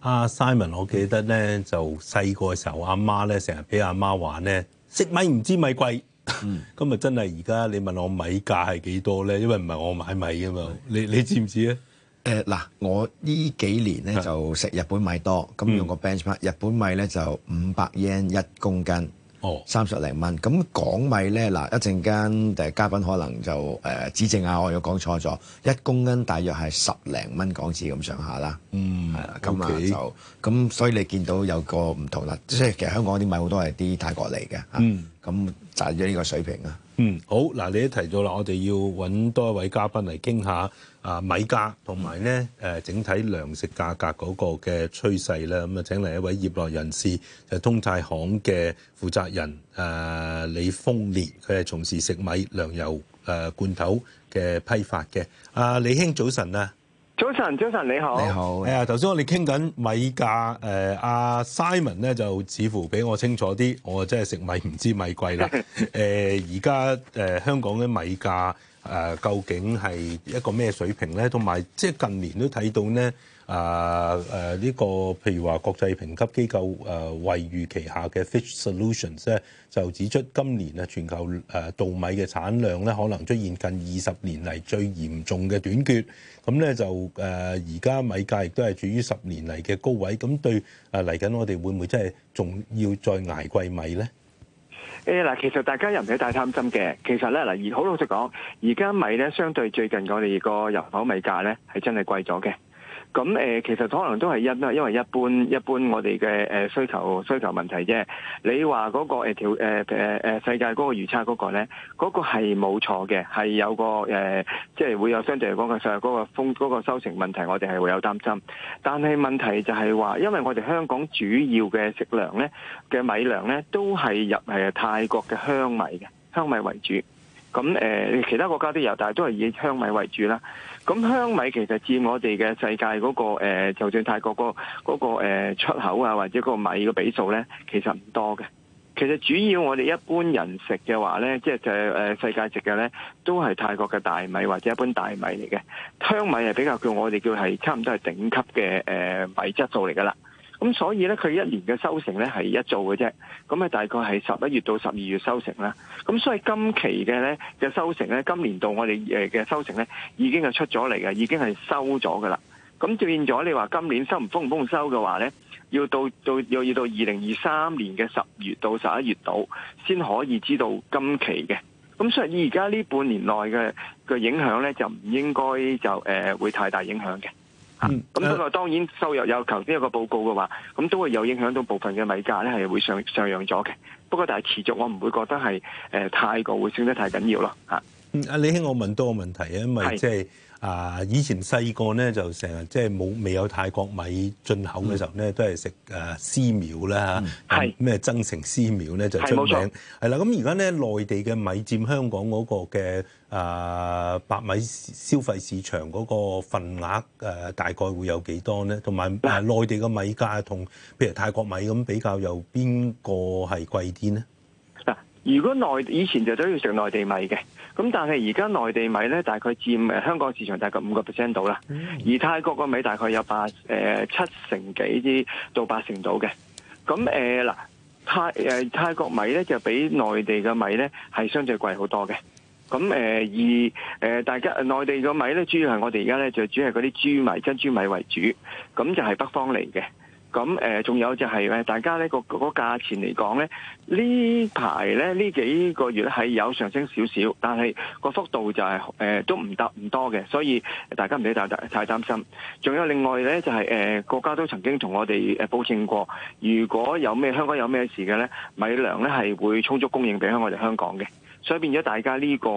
阿 Simon，我記得咧就細個嘅時候，阿媽咧成日俾阿媽玩咧食米唔知米貴，咁 咪真係而家你問我米價係幾多咧？因為唔係我買米啊嘛，你你知唔知咧？嗱、呃，我呢幾年咧就食日本米多，咁用個 benchmark，日本米咧就五百 yen 一公斤。哦，三十零蚊咁港米咧嗱，一陣間誒嘉賓可能就誒指正下，我有講錯咗，一公斤大約係十零蚊港紙咁上下啦，嗯，係啦，咁啊就咁，所以你見到有個唔同啦，即係其實香港啲米好多係啲泰國嚟嘅，嗯，咁賺咗呢個水平啊。嗯，好嗱，你都提到啦，我哋要揾多一位嘉賓嚟傾下啊米價同埋咧誒整體糧食價格嗰個嘅趨勢啦。咁啊，請嚟一位業內人士，就是、通泰行嘅負責人誒、啊、李豐年，佢係從事食米、糧油、啊、罐頭嘅批發嘅。阿、啊、李兄，早晨啊！早晨，早晨你好。你好，係啊，頭先我哋傾緊米價，誒，阿 Simon 咧就似乎比我清楚啲，我真係食米唔知米貴啦。誒、 呃，而家誒香港嘅米價誒、呃、究竟係一個咩水平咧？同埋即係近年都睇到咧。啊誒呢、啊這個譬如話國際評級機構誒惠譽旗下嘅 Fitch Solutions 咧、啊，就指出今年啊全球誒稻、啊、米嘅產量咧，可能出現近二十年嚟最嚴重嘅短缺。咁咧就誒而家米價亦都係處於十年嚟嘅高位。咁對誒嚟緊，我哋會唔會真係仲要再捱貴米咧？誒嗱，其實大家又唔使太貪心嘅。其實咧嗱，而好老實講，而家米咧相對最近我哋個入口米價咧係真係貴咗嘅。咁、呃、其實可能都係因因為一般一般我哋嘅、呃、需求需求問題啫。你話嗰個、呃、世界嗰個預測嗰個咧，嗰個係冇錯嘅，係有個、呃、即係會有相對嗰個世界嗰個豐嗰個收成問題，我哋係會有擔心。但係問題就係話，因為我哋香港主要嘅食糧咧嘅米糧咧，都係入係泰國嘅香米嘅香米為主。咁誒、呃，其他國家都有，但係都係以香米為主啦。咁香米其實佔我哋嘅世界嗰、嗰個、呃、就算泰國嗰、嗰個、嗰個呃、出口啊，或者個米嘅比數咧，其實唔多嘅。其實主要我哋一般人食嘅話咧，即係就誒世界食嘅咧，都係泰國嘅大米或者一般大米嚟嘅。香米係比較叫我哋叫係差唔多係頂級嘅誒、呃、米質素嚟㗎喇。咁所以咧，佢一年嘅收成咧係一做嘅啫，咁啊大概係十一月到十二月收成啦。咁所以今期嘅咧嘅收成咧，今年度我哋嘅收成咧已經係出咗嚟嘅，已經係收咗嘅啦。咁變咗你話今年收唔豐唔豐收嘅話咧，要到到要要到二零二三年嘅十月到十一月度先可以知道今期嘅。咁所以而家呢半年內嘅嘅影響咧就唔應該就誒、呃、會太大影響嘅。咁不過當然收入有頭先有個報告嘅話，咁都會有影響到部分嘅米價咧，係會上上揚咗嘅。不過但係持續，我唔會覺得係誒、呃、太過會升得太緊要咯嚇。阿、啊嗯、李兄，我問多個問題啊，因為即、就、係、是。啊！以前細個咧就成日即係冇未有泰國米進口嘅時候咧、嗯，都係食誒絲苗啦嚇，咩、嗯啊、增城絲苗咧就出名。係啦，咁而家咧內地嘅米佔香港嗰個嘅誒、啊、白米消費市場嗰個份額、啊、大概會有幾多咧？同埋誒內地嘅米價同譬如泰國米咁比較，有邊個係貴啲咧？如果內以前就都要食內地米嘅，咁但係而家內地米咧大概佔香港市場大概五個 percent 度啦，而泰國個米大概有八誒七成幾啲到八成度嘅，咁誒嗱泰誒、呃、泰國米咧就比內地嘅米咧係相對貴好多嘅，咁誒、呃、而誒、呃、大家內地嘅米咧主要係我哋而家咧就主要係嗰啲珠米珍珠米為主，咁就係北方嚟嘅。咁誒，仲、呃、有就係、誒、大家呢個個價錢嚟講呢呢排呢呢幾個月係有上升少少，但係個幅度就係、是、誒、呃、都唔得唔多嘅，所以大家唔使太太，太擔心。仲有另外呢，就係、是、誒、呃，國家都曾經同我哋誒保證過，如果有咩香港有咩事嘅呢，米糧呢係會充足供應俾我哋香港嘅。所以變咗大家呢個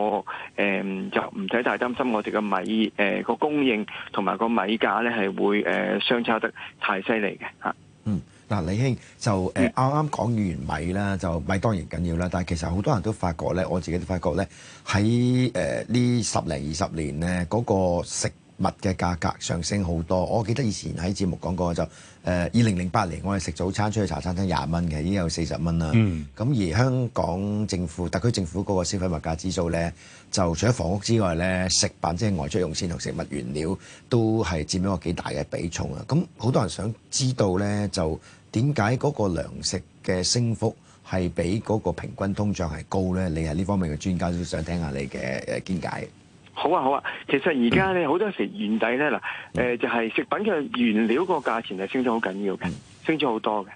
誒就唔使太擔心，我哋嘅米誒個供應同埋個米價咧係會誒相差得太犀利嘅嚇。嗯，嗱，李兄就誒啱啱講完米啦，就米當然緊要啦。但係其實好多人都發覺咧，我自己都發覺咧喺誒呢十零二十年咧，嗰個食物嘅價格上升好多。我記得以前喺節目講過就。誒二零零八年我哋食早餐出去茶餐廳廿蚊嘅，已經有四十蚊啦。咁、嗯、而香港政府、特區政府嗰個消費物價指數咧，就除咗房屋之外咧，食品即係外出用膳同食物原料都係佔咗個幾大嘅比重啊！咁好多人想知道咧，就點解嗰個糧食嘅升幅係比嗰個平均通脹係高咧？你係呢方面嘅專家都想聽下你嘅誒見解。好啊，好啊，其實而家咧好多時原底咧嗱，誒、呃、就係、是、食品嘅原料個價錢係升咗好緊要嘅，升咗好多嘅。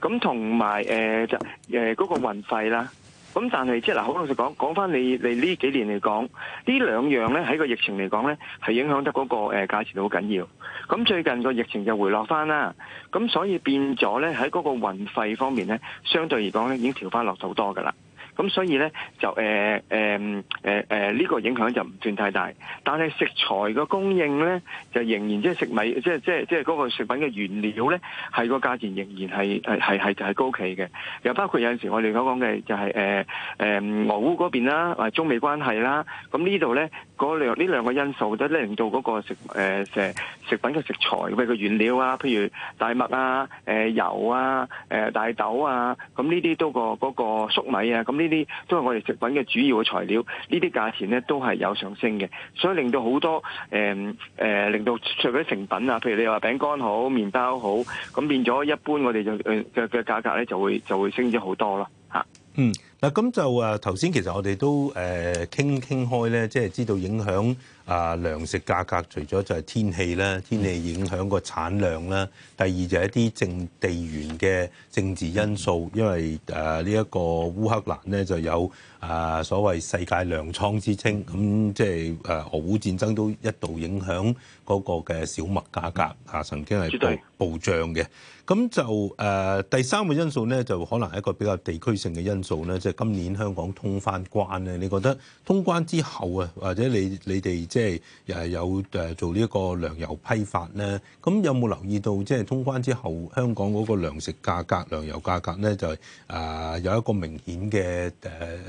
咁同埋誒就誒嗰、呃那個運費啦。咁但係即係嗱，好、就是、老實講，講翻你你呢幾年嚟講，兩呢兩樣咧喺個疫情嚟講咧，係影響得嗰、那個誒價、呃、錢好緊要。咁最近個疫情就回落翻啦，咁所以變咗咧喺嗰個運費方面咧，相對嚟講咧已經調翻落好多噶啦。咁所以咧就誒誒誒誒呢個影響就唔算太大，但係食材嘅供應咧就仍然即係食米即係即係即係嗰個食品嘅原料咧係個價錢仍然係係係就係高企嘅，又包括有陣時我哋所講嘅就係誒誒俄烏嗰邊啦，或中美關係啦，咁呢度咧。嗰呢兩個因素都令到嗰個食誒食品嘅食材，譬如原料啊，譬如大麥啊、誒油啊、誒大豆啊，咁呢啲都個嗰粟米啊，咁呢啲都係我哋食品嘅主要嘅材料，呢啲價錢咧都係有上升嘅，所以令到好多誒誒令到除咗成品啊，譬如你話餅乾好、麵包好，咁變咗一般我哋就嘅嘅價格咧就會就會升咗好多咯，嚇、啊、嗯。咁就誒頭先其實我哋都誒傾傾開咧，即係知道影響啊糧食價格，除咗就係天氣啦，天氣影響個產量啦，第二就係一啲政地緣嘅政治因素，因為誒呢一個烏克蘭咧就有啊所謂世界糧倉之稱，咁即係誒俄烏戰爭都一度影響嗰個嘅小麥價格啊、嗯，曾經係對暴漲嘅。咁就誒第三個因素咧，就可能係一個比較地區性嘅因素咧，即係。今年香港通翻關咧，你覺得通關之後啊，或者你你哋即係誒有誒做呢一個糧油批發咧，咁有冇留意到即係通關之後香港嗰個糧食價格、糧油價格咧，就係誒有一個明顯嘅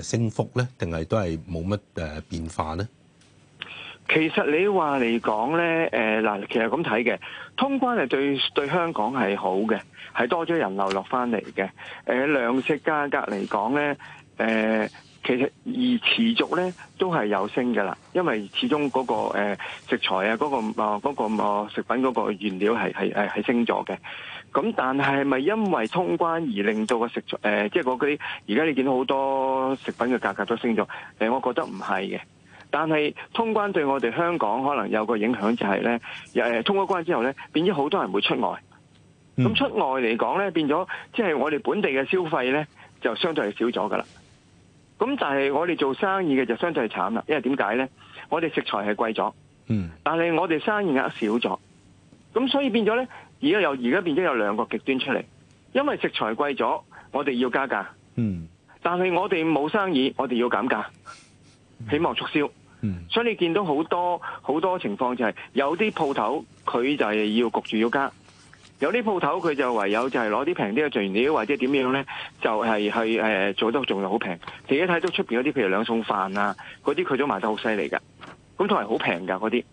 誒升幅咧，定係都係冇乜誒變化咧？其實你話嚟講呢，誒、呃、嗱，其實咁睇嘅通關係對對香港係好嘅，係多咗人流落翻嚟嘅。誒、呃、糧食價格嚟講呢，誒、呃、其實而持續呢都係有升嘅啦，因為始終嗰、嗰個、呃、食材啊，嗰、嗰個嗰、嗰個嗰個嗰個、食品嗰個原料係係係升咗嘅。咁但係咪因為通關而令到個食材、呃、即係嗰啲而家你見到好多食品嘅價格都升咗？呃，我覺得唔係嘅。但係通關對我哋香港可能有個影響就係咧，誒，通咗關之後咧，變咗好多人會出外。咁出外嚟講咧，變咗即係我哋本地嘅消費咧，就相對係少咗噶啦。咁但係我哋做生意嘅就相對係慘啦，因為點解咧？我哋食材係貴咗，嗯，但係我哋生意額少咗，咁所以變咗咧，而家又而家變咗有兩個極端出嚟，因為食材貴咗，我哋要加價，嗯，但係我哋冇生意，我哋要減價，希望促銷。 所以你見到好多好多情況就係有啲鋪頭佢就要焗住要加，有啲鋪頭佢就唯有就係攞啲平啲嘅原材料或者點樣咧，就係、是、去誒、呃、做得仲係好平。自己睇到出邊嗰啲，譬如兩餸飯啊，嗰啲佢都賣得好犀利㗎。咁同埋好平㗎嗰啲。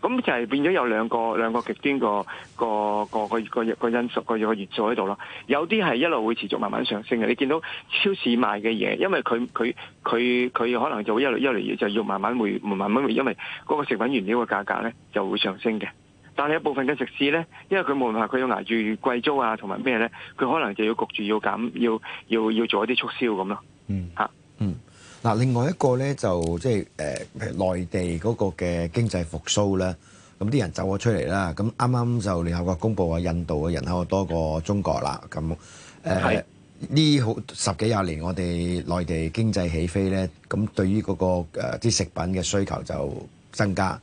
咁就係變咗有兩個兩個極端個個個個個因素個個元素喺度咯，有啲係一路會持續慢慢上升嘅。你見到超市賣嘅嘢，因為佢佢佢佢可能就會一路一路就要慢慢回慢慢會因為嗰個食品原料嘅價格咧就會上升嘅。但係有部分嘅食肆咧，因為佢冇辦法佢要捱住貴租啊同埋咩咧，佢可能就要焗住要減要要要做一啲促銷咁咯。嗯，啊、嗯。嗱，另外一個咧就即係誒內地嗰個嘅經濟復甦啦，咁啲人走咗出嚟啦，咁啱啱就聯合國公佈話印度嘅人口多過中國啦，咁誒呢好十幾廿年我哋內地經濟起飛咧，咁對於嗰個啲食品嘅需求就增加，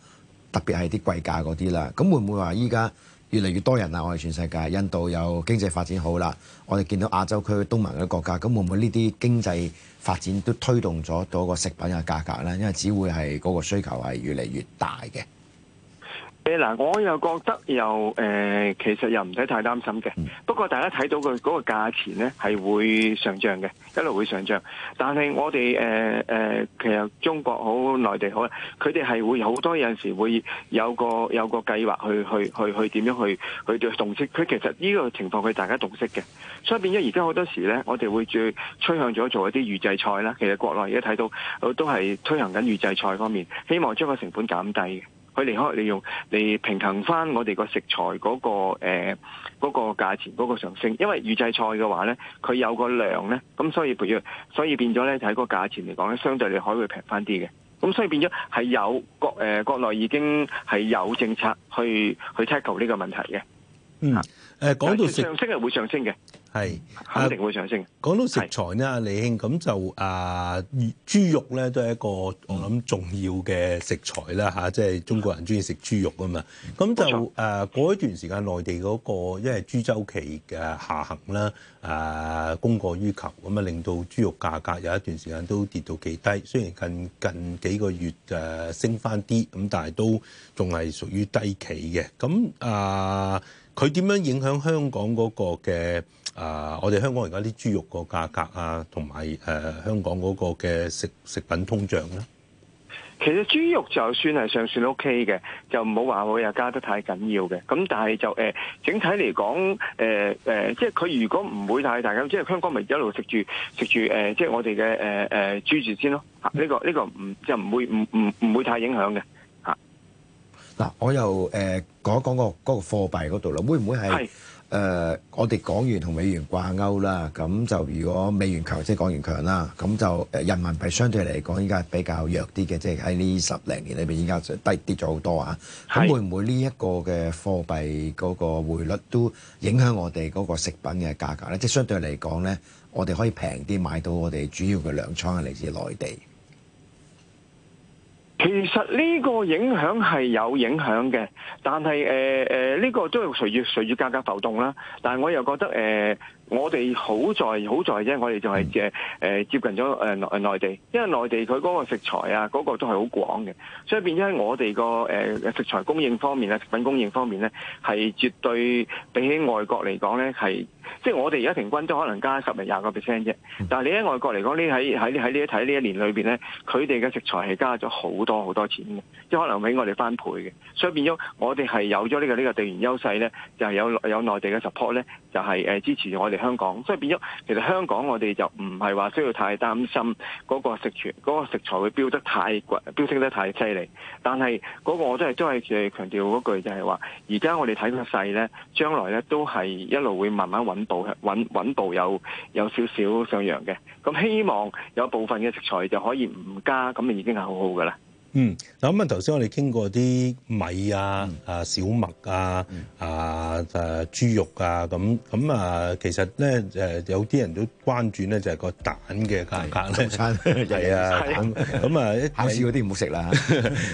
特別係啲貴價嗰啲啦，咁會唔會話依家越嚟越多人啊？我哋全世界印度有經濟發展好啦，我哋見到亞洲區東盟嗰啲國家，咁會唔會呢啲經濟發展都推動咗嗰個食品嘅價格啦，因為只會係嗰個需求係越嚟越大嘅。嗱，我又覺得又，誒、呃，其實又唔使太擔心嘅。不過大家睇到佢嗰個價錢咧，係會上漲嘅，一路會上漲。但係我哋，誒、呃呃，其實中國好，內地好，佢哋係會好多有陣時會有個有個計劃去去去去點樣去去對動式。佢其實呢個情況，佢大家動識嘅。所以變咗而家好多時咧，我哋會最趨向咗做一啲預製菜啦。其實國內而家睇到都係推行緊預製菜方面，希望將個成本減低嘅。佢離開，利用嚟平衡翻我哋個食材嗰、嗰個呃嗰個價錢嗰個上升，因為預製菜嘅話咧，佢有個量咧，咁所以所以變咗咧就喺個價錢嚟講咧，相對嚟可會平翻啲嘅。咁所以變咗係有國、呃、國內已經係有政策去去 tackle 呢個問題嘅。嗯，呃講到上升係會上升嘅。係、啊，肯定會上升。講到食材慶、啊、呢，李兄咁就啊豬肉咧，都係一個我諗重要嘅食材啦，吓、啊，即、就、係、是、中國人中意食豬肉那啊嘛。咁就誒過一段時間，內地嗰、那個因為豬周期嘅下行啦，啊供過於求，咁啊令到豬肉價格有一段時間都跌到幾低。雖然近近幾個月誒、啊、升翻啲，咁但係都仲係屬於低企嘅。咁啊～佢點樣影響香港嗰個嘅啊、呃？我哋香港而家啲豬肉個價格啊，同埋誒香港嗰個嘅食食品通脹咧？其實豬肉就算係尚算 OK 嘅，就唔好話會又加得太緊要嘅。咁但係就誒、呃、整體嚟講，誒、呃、誒、呃，即係佢如果唔會太大咁，即係香港咪一路食住食住誒，即係我哋嘅誒誒豬住先咯。呢、這個呢、這個唔就唔會唔唔唔會太影響嘅。嗱，我又誒講講講個嗰個貨幣嗰度啦，會唔會係誒、呃、我哋港元同美元掛鈎啦？咁就如果美元強，即係港元強啦，咁就人民幣相對嚟講依家比較弱啲嘅，即係喺呢十零年裏邊依家低跌咗好多啊！咁會唔會呢一個嘅貨幣嗰個匯率都影響我哋嗰個食品嘅價格咧？即、就、係、是、相對嚟講咧，我哋可以平啲買到我哋主要嘅糧倉嚟自內地。其實呢個影響係有影響嘅，但係呢、呃呃呢個都係隨住隨住價格浮動啦。但係我又覺得，呃我哋好在好在啫，我哋就係、是、誒、呃、接近咗誒內地，因為內地佢嗰個食材啊，嗰、那個都係好廣嘅，所以變咗喺我哋個誒食材供應方面呢，食品供應方面咧，係絕對比起外國嚟講咧，係即係我哋而家平均都可能加十零廿個 percent 啫。但係你喺外國嚟講，呢喺喺喺呢一睇呢一年裏邊咧，佢哋嘅食材係加咗好多好多錢嘅，即係可能俾我哋翻倍嘅。所以變咗我哋係有咗、這個這個、呢個呢個地緣優勢咧，就係、是、有有內地嘅 support 咧，就係、是呃、支持我哋。香港，所以變咗，其實香港我哋就唔係話需要太擔心嗰個食全嗰、嗰個食材會飆得太貴、飆升得太犀利。但係嗰個我真係都係強強調嗰句就，就係話而家我哋睇個勢咧，將來咧都係一路會慢慢穩步、穩，穩步有有少少上揚嘅。咁希望有部分嘅食材就可以唔加，咁就已經係好好噶啦。嗯，嗱咁啊，頭先我哋傾過啲米啊、嗯、啊小麥啊、嗯、啊、啊誒豬肉啊，咁咁啊，其實咧誒、呃、有啲人都關注咧就係、是、個蛋嘅價格咧，早餐係 啊，咁啊考試嗰啲唔好食啦。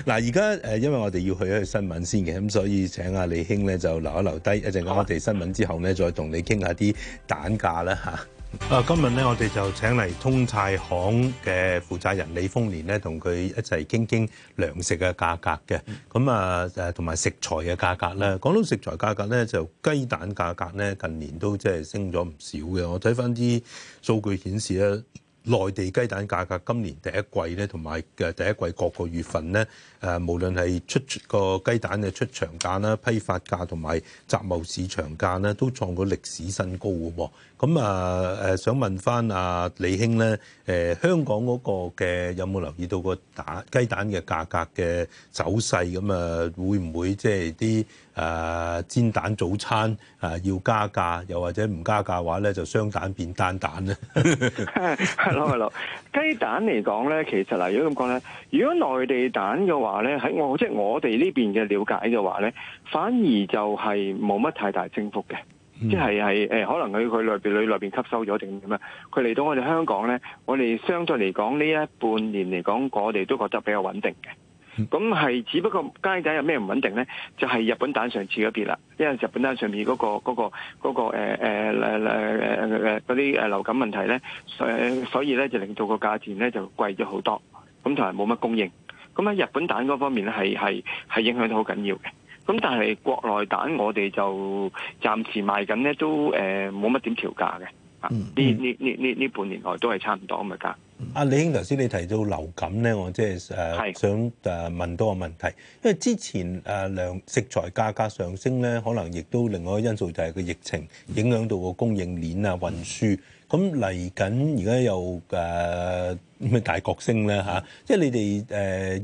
嗱， 而家誒因為我哋要去一去新聞先嘅，咁所以請阿李兄咧就留一留低，一陣我哋新聞之後咧、啊、再同你傾下啲蛋價啦嚇。啊，今日咧我哋就請嚟通泰行嘅負責人李豐年咧，同佢一齊傾傾糧食嘅價格嘅，咁啊誒，同埋食材嘅價格呢，講到食材價格咧，就雞蛋價格咧，近年都即係升咗唔少嘅。我睇翻啲數據顯示咧。內地雞蛋價格今年第一季咧，同埋嘅第一季各個月份咧，誒無論係出個雞蛋嘅出場價啦、批發價同埋集貿市場價咧，都創過歷史新高嘅。咁啊誒，想問翻阿李兄咧，誒香港嗰個嘅有冇留意到個蛋雞蛋嘅價格嘅走勢？咁啊，會唔會即係啲？誒、啊、煎蛋早餐誒、啊、要加價，又或者唔加價嘅話咧，就雙蛋變單蛋咧。係咯係咯，雞蛋嚟講咧，其實嗱，如果咁講咧，如果內地蛋嘅話咧，喺我即係、就是、我哋呢邊嘅了解嘅話咧，反而就係冇乜太大增幅嘅，即係係誒，可能佢佢內邊裏內邊吸收咗定點啊？佢嚟到我哋香港咧，我哋相對嚟講呢一半年嚟講，我哋都覺得比較穩定嘅。咁係， 只不過雞仔有咩唔穩定咧？就係、是、日本蛋上次嗰邊啦，因為日本蛋上面嗰、嗰個嗰、嗰個嗰、嗰個誒誒啲誒流感問題咧，所以咧就令到個價錢咧就貴咗好多。咁同埋冇乜供應。咁、嗯、喺日本蛋嗰方面咧，係係係影響到好緊要嘅。咁但係國內蛋我哋就暫時賣緊咧，都誒冇乜點調價嘅。啊，呢呢呢呢呢半年內都係差唔多咁嘅價。阿李兄，頭先你提到流感咧，我即係誒想誒問多個問題，因為之前誒糧食材價格上升咧，可能亦都另外一個因素就係個疫情影響到個供應鏈啊、運輸。咁嚟緊而家又誒咩大國升咧嚇，即係你哋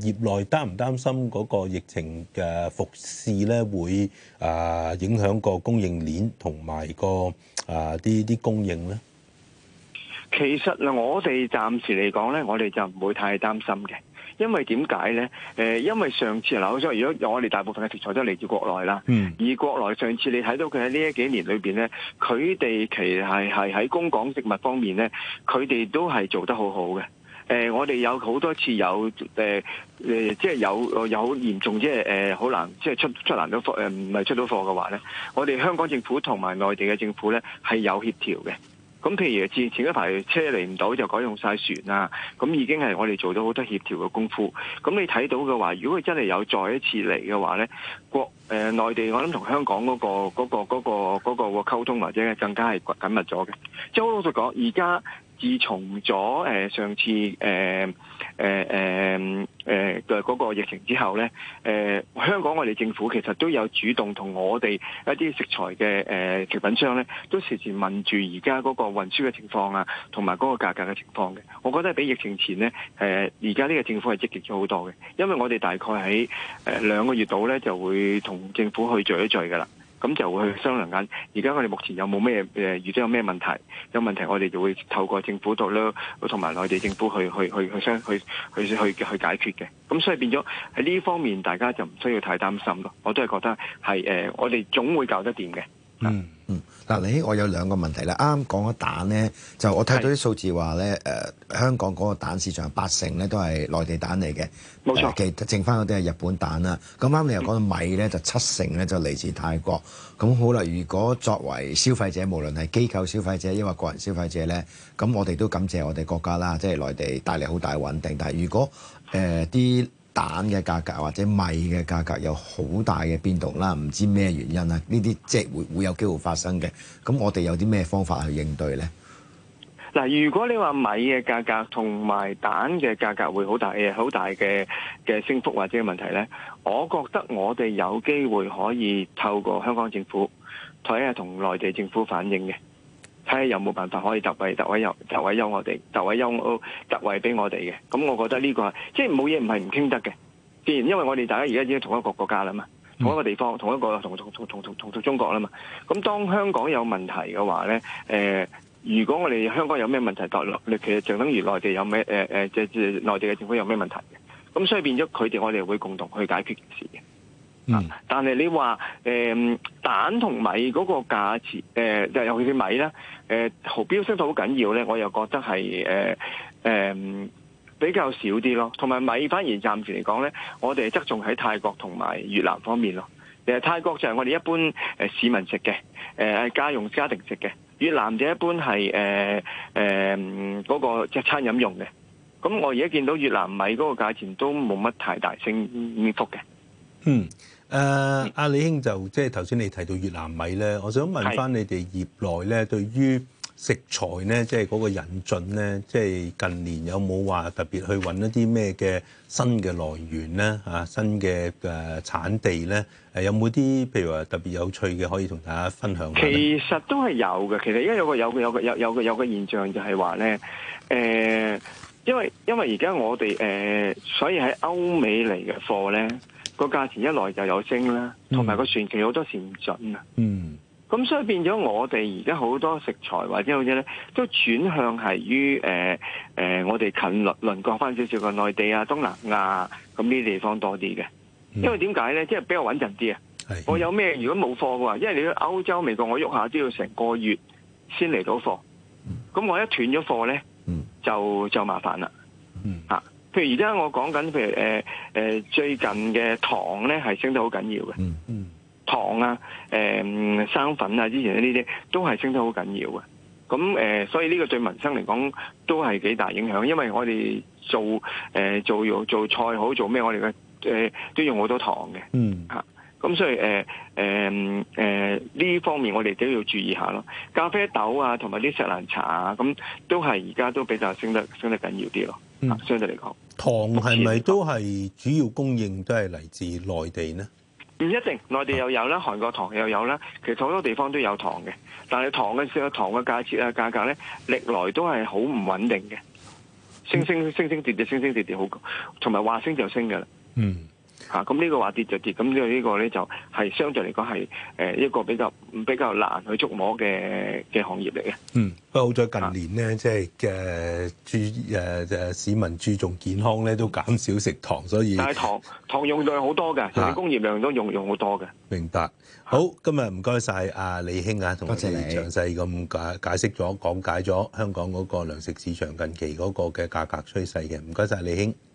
誒業內擔唔擔心嗰個疫情嘅復熾咧會啊影響個供應鏈同埋個啊啲啲供應咧？其實我哋暫時嚟講咧，我哋就唔會太擔心嘅，因為點解咧？誒，因為上次嗱，好似如果我哋大部分嘅食材都嚟自國內啦、嗯，而國內上次你睇到佢喺呢一幾年裏面咧，佢哋其實係喺供港食物方面咧，佢哋都係做得好好嘅。誒、呃，我哋有好多次有誒即係有有嚴重即係誒，好、就是、難即係、就是、出出難到貨唔係、呃、出到貨嘅話咧，我哋香港政府同埋內地嘅政府咧係有協調嘅。咁譬如前前一排車嚟唔到就改用曬船啦，咁已經係我哋做咗好多協調嘅功夫。咁你睇到嘅話，如果佢真係有再一次嚟嘅話呢，國誒、呃、內地我諗同香港嗰、嗰個嗰、嗰個嗰、嗰個嗰、嗰個嗰個溝通或者更加係緊密咗嘅。即、就、好、係、老實講，而家自從咗、呃、上次、呃誒誒誒誒，嗰、嗯嗯嗯那個疫情之後咧，誒、嗯、香港我哋政府其實都有主動同我哋一啲食材嘅誒、呃、食品商咧，都時時問住而家嗰個運輸嘅情況啊，同埋嗰個價格嘅情況嘅。我覺得比疫情前咧，誒而家呢個政府係積極咗好多嘅，因為我哋大概喺誒、呃、兩個月度咧就會同政府去聚一聚㗎喇。咁就會去商量緊。而家我哋目前有冇咩誒遇到有咩、呃、問題？有問題我哋就會透過政府度啦，同埋內地政府去去去去去去去去解決嘅。咁所以變咗喺呢方面，大家就唔需要太擔心咯。我都係覺得係誒、呃，我哋總會搞得掂嘅。嗯嗯，嗱、嗯，你我有兩個問題呢。啱啱講咗蛋呢，就我睇到啲數字話呢，誒、呃、香港嗰個蛋市場八成呢都係內地蛋嚟嘅，剩翻嗰啲係日本蛋啦。咁啱你又講到米呢，嗯、就七成呢就嚟自泰國。咁好啦，如果作為消費者，無論係機構消費者抑或個人消費者呢，咁我哋都感謝我哋國家啦，即係內地帶嚟好大穩定。但係如果誒啲，呃蛋嘅價格或者米嘅價格有好大嘅變動啦，唔知咩原因啊？呢啲即係會會有機會發生嘅。咁我哋有啲咩方法去應對呢？嗱，如果你話米嘅價格同埋蛋嘅價格會好大嘅好大嘅嘅升幅或者問題呢，我覺得我哋有機會可以透過香港政府睇下同內地政府反映嘅。睇有冇辦法可以特惠、特惠優、特惠優我哋、特惠優特惠俾我哋嘅，咁我覺得呢個係即係冇嘢唔係唔傾得嘅，自然因為我哋大家而家已經同一個國家啦嘛，同一個地方，同一個同同同同同同同，同中國啦嘛，咁當香港有問題嘅話咧，誒、呃，如果我哋香港有咩問題大陸，其實就等於內地有咩誒誒，即係內地嘅政府有咩問題嘅，咁所以變咗佢哋我哋會共同去解決件事嘅。嗯、但係你話誒、呃、蛋同米嗰個價錢誒，就、呃、尤其是米咧，誒毫標升到好緊要咧，我又覺得係誒誒比較少啲咯。同埋米反而暫時嚟講咧，我哋側重喺泰國同埋越南方面咯。誒、呃、泰國就係我哋一般誒市民食嘅，誒家用家庭食嘅。越南就一般係誒誒嗰個即係餐飲用嘅。咁我而家見到越南米嗰個價錢都冇乜太大升幅嘅，嗯。誒、呃，阿李兄就即係頭先你提到越南米咧，我想問翻你哋業內咧，對於食材咧，即係嗰個引進咧，即係近年有冇話特別去揾一啲咩嘅新嘅來源咧？吓、啊，新嘅、啊、產地咧、啊？有冇啲譬如話特別有趣嘅可以同大家分享？其實都係有嘅，其實而家有個有個有個有個有個有，個有，個有個現象就係話咧，誒、呃，因為因為而家我哋誒、呃，所以喺歐美嚟嘅貨咧。個價錢一來就有升啦，同埋個船期好多時唔準啊。嗯，咁所以變咗我哋而家好多食材或者好似咧，都轉向係於誒誒、呃呃、我哋近鄰鄰國翻少少嘅內地啊、東南亞咁呢啲地方多啲嘅。因為點解咧？即係比較穩陣啲啊。我有咩如果冇貨嘅話，因為你去歐洲美國，我喐下都要成個月先嚟到貨。咁，嗯，我一斷咗貨咧，就就麻煩啦。嗯，嚇。譬如而家我講緊，譬如誒誒、呃、最近嘅糖呢係升得好緊要嘅，mm -hmm. 糖啊誒、呃、生粉啊，之前呢啲都係升得好緊要嘅。咁誒、呃，所以呢個對民生嚟講都係幾大影響，因為我哋做誒、呃、做做做菜好做咩，我哋嘅誒都用好多糖嘅。嗯、mm -hmm. 啊，吓，咁所以誒誒誒呢方面我哋都要注意下咯。咖啡豆啊，同埋啲錫蘭茶啊，咁都係而家都比較升得升得緊要啲咯。相對嚟講，糖係咪都係主要供應都係嚟自內地呢？唔一定，內地又有啦，韓國糖又有啦，其實好多地方都有糖嘅。但係糖嘅糖嘅價錢啊，價格呢，歷來都係好唔穩定嘅，升升升升跌跌升升跌跌，好高同埋話升就升嘅啦。嗯。嚇，咁呢個話跌就跌，咁呢個呢個咧就係相對嚟講係誒一個比較比較難去觸摸嘅嘅行業嚟嘅。嗯，不過好在近年咧，即係嘅注誒誒市民注重健康咧，都減少食糖，所以但係糖糖用量好多嘅，而且工業量都用用好多嘅。明白。好，今日唔該晒阿李興啊，同我哋詳細咁解解釋咗、講解咗香港嗰個糧食市場近期嗰個嘅價格趨勢嘅。唔該晒李興。